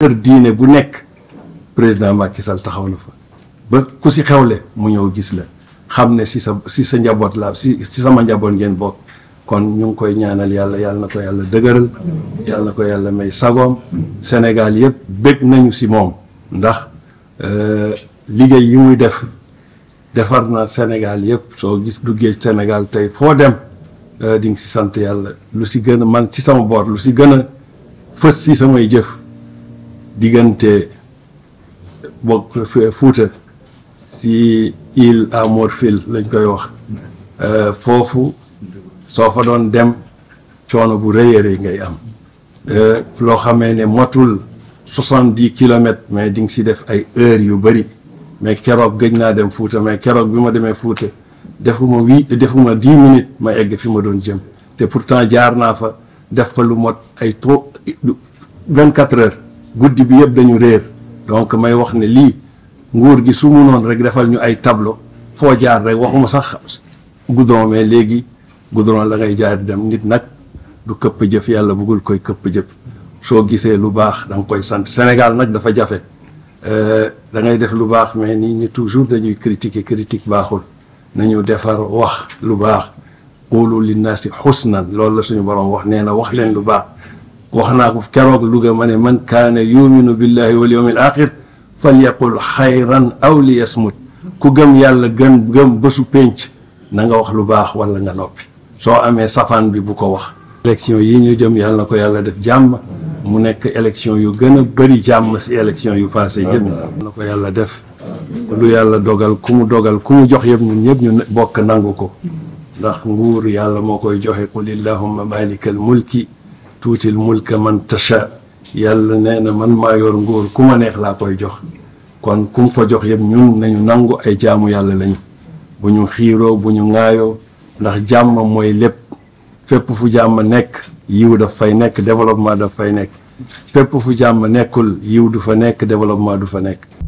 kër diine bu nekk président Macky Sall taxaw na fa ba ku si xewle mu ñëw gis la xam ne si sa si sa njaboot laa si si sama njaboot ngeen boot kon ñu ngi koy ñaanal yàlla yàlla na ko yàlla dëgëral yàlla na ko yàlla may sagoom Sénégal yëpp bég nañu si moom ndax euh, liggéey yi muy def defar na Sénégal yëpp soo gis duggee Sénégal tey foo dem euh, di nga si sant yàlla lu si gën a man ci sama boot lu si gën a fës si samay jëf diggante bokk Fuuta si île à Morphil lañ koy wax euh, foofu soo fa doon dem coono bu rëy a rëy ngay am euh, loo xamee ne motul soixante-dix kilomètres mais di nga si def ay heures yu bëri mais keroog gëj naa dem Fuuta mais keroog bi ma demee Fuuta defuma huit defuma dix minutes ma egg fi ma doon jëm te pourtant jaar naa fa def fa lu mot ay trop vingt-quatre heures guddi bi yëpp dañu réer donc may wax ne lii nguur gi su mu noonu rek defal ñu ay tableau foo jaar rek waxuma sax goudron mais léegi goudron la ngay jaar dem nit nag du këpp jëf yàlla bëggul koy këpp jëf soo gisee lu baax da nga koy sant Sénégal nag dafa jafe euh, da ngay def lu baax mais nit ñi toujours dañuy critiquer critique baaxul nañu defar wax lu baax qulu linnaasi xusnan loolu la suñu borom wax nee na wax leen lu baax وهنا كفكروا لغا من من كان يؤمن بالله واليوم الاخر فليقل خيرا او ليصمت كغم يالا غن غم بسو بنت نغا واخ لو باخ ولا نغا نوبي سو امي سافان بي بوكو واخ الكسيون يي نيو جيم يالا نكو يالا ديف جام مو نيك الكسيون يو غنا بري جام سي الكسيون يو فاسي جيم نكو يالا ديف لو يالا دوغال كومو دوغال كومو جوخ ييب نون ييب نيو بوك نانغوكو داخ نغور يالا موكاي جوخي قل اللهم مالك الملك tuutil mulka man tasha yàlla nee na man maa yor ku ma neex laa koy jox kon kum ko jox yëpp ñun nañu nangu ay jaamu yàlla lañu bu ñu xiiroo bu ñu ŋaayoo ndax jàmm mooy lépp fépp fu jàmm nekk yiw daf fay nekk développement daf fay nekk fépp fu jàmm nekkul yiw du fa nekk développement du fa nekk